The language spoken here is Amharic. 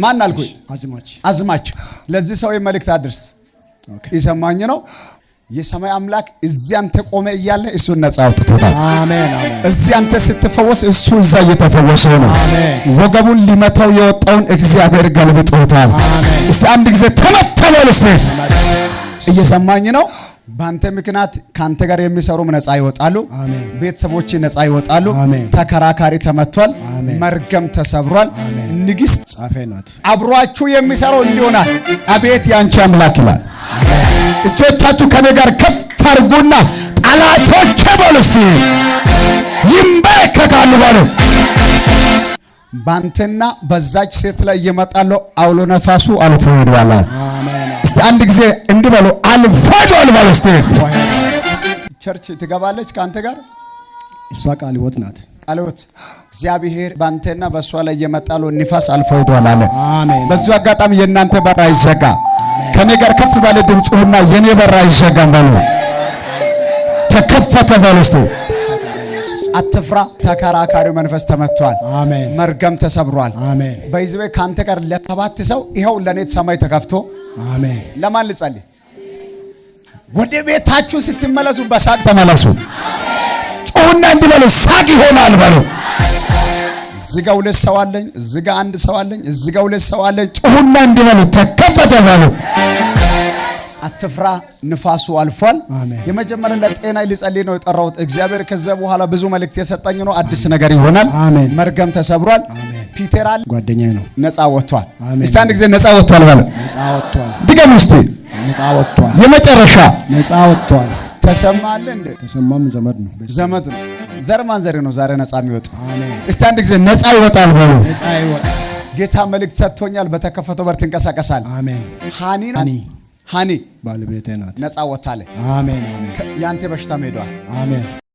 ማን አልኩኝ? አዝማች አዝማች፣ ለዚህ ሰው መልእክት አድርስ። ይሰማኝ ነው። የሰማይ አምላክ እዚህ አንተ ቆመ እያለ እሱን ነጻ አውጥቶታል። አሜን አሜን። አንተ ስትፈወስ እሱ እዛ እየተፈወሰ ነው። ወገቡን ሊመታው የወጣውን እግዚአብሔር ገልብጦታል። እስቲ አንድ ጊዜ ተመተበል። እየሰማኝ ነው። በአንተ ምክንያት ከአንተ ጋር የሚሰሩም ነጻ ይወጣሉ። ቤተሰቦች ነጻ ይወጣሉ። ተከራካሪ ተመቷል። መርገም ተሰብሯል። ንግሥት ጻፌ ናት። አብሯችሁ የሚሰራው እንዲሆናል። አቤት ያንቺ አምላክ ይላል። እጆቻችሁ ከኔ ጋር ከፍ አድርጉና ጠላቶቼ በሉስ ይንበረከካሉ ባሉ ባንተና በዛች ሴት ላይ እየመጣለው አውሎ ነፋሱ አልፎ ይሄዳል። እስቲ አንድ ጊዜ እንዲህ በሉ፣ አልፎ ይሄዳል ባሉስ ቸርች ትገባለች ከአንተ ጋር እሷ ቃል ይወጥናት ናት። አሉት። እግዚአብሔር ባንተና በእሷ ላይ የመጣለው ንፋስ አልፎ ሄዷል አለ። በዚሁ አጋጣሚ የእናንተ በር አይዘጋ። ከኔ ጋር ከፍ ባለ ድምፅ ጩሁና የኔ በር አይዘጋም በሉ። ተከፈተ በሉ እስቲ። አትፍራ። ተከራካሪው መንፈስ ተመቷል። አሜን። መርገም ተሰብሯል። አሜን። በይዝቤ ከአንተ ጋር ለሰባት ሰው ይኸው ለእኔ ሰማይ ተከፍቶ አሜን። ለማን ልጸልይ? ወደ ቤታችሁ ስትመለሱ በሳቅ ተመለሱ። አንድ በለው ሳቅ ይሆናል በሉ። እዚጋ ሁለት ሰው አለኝ፣ እዚጋ አንድ ሰው አለኝ፣ እዚጋ ሁለት ሰው አለኝ። ጩሁና እንዲበሉ ተከፈተ በሉ። አትፍራ፣ ንፋሱ አልፏል። የመጀመሪያ ለጤና ሊጸልይ ነው የጠራሁት እግዚአብሔር። ከዚያ በኋላ ብዙ መልእክት የሰጠኝ ነው። አዲስ ነገር ይሆናል። አሜን። መርገም ተሰብሯል። ፒተራል ጓደኛዬ ነው፣ ነፃ ወጥቷል። እስቲ አንድ ጊዜ ነፃ ወጥቷል ማለት ነፃ ወጥቷል። ድገም ውስጥ ነፃ ወጥቷል። የመጨረሻ ነፃ ወጥቷል። ተሰማለ እንዴ? ተሰማም ዘመድ ነው፣ ዘመድ ነው ዘር ማን ዘር ነው ዛሬ ነፃ የሚወጣ። እስቲ አንድ ጊዜ ነፃ ይወጣል ብሎ ጌታ መልእክት ሰጥቶኛል። በተከፈተው በር ትንቀሳቀሳል። አሜን። ሃኒ ሃኒ ሃኒ ባለቤቴ ናት። ነፃ ወጣለ። አሜን። ያንተ በሽታ ሄዷል። አሜን።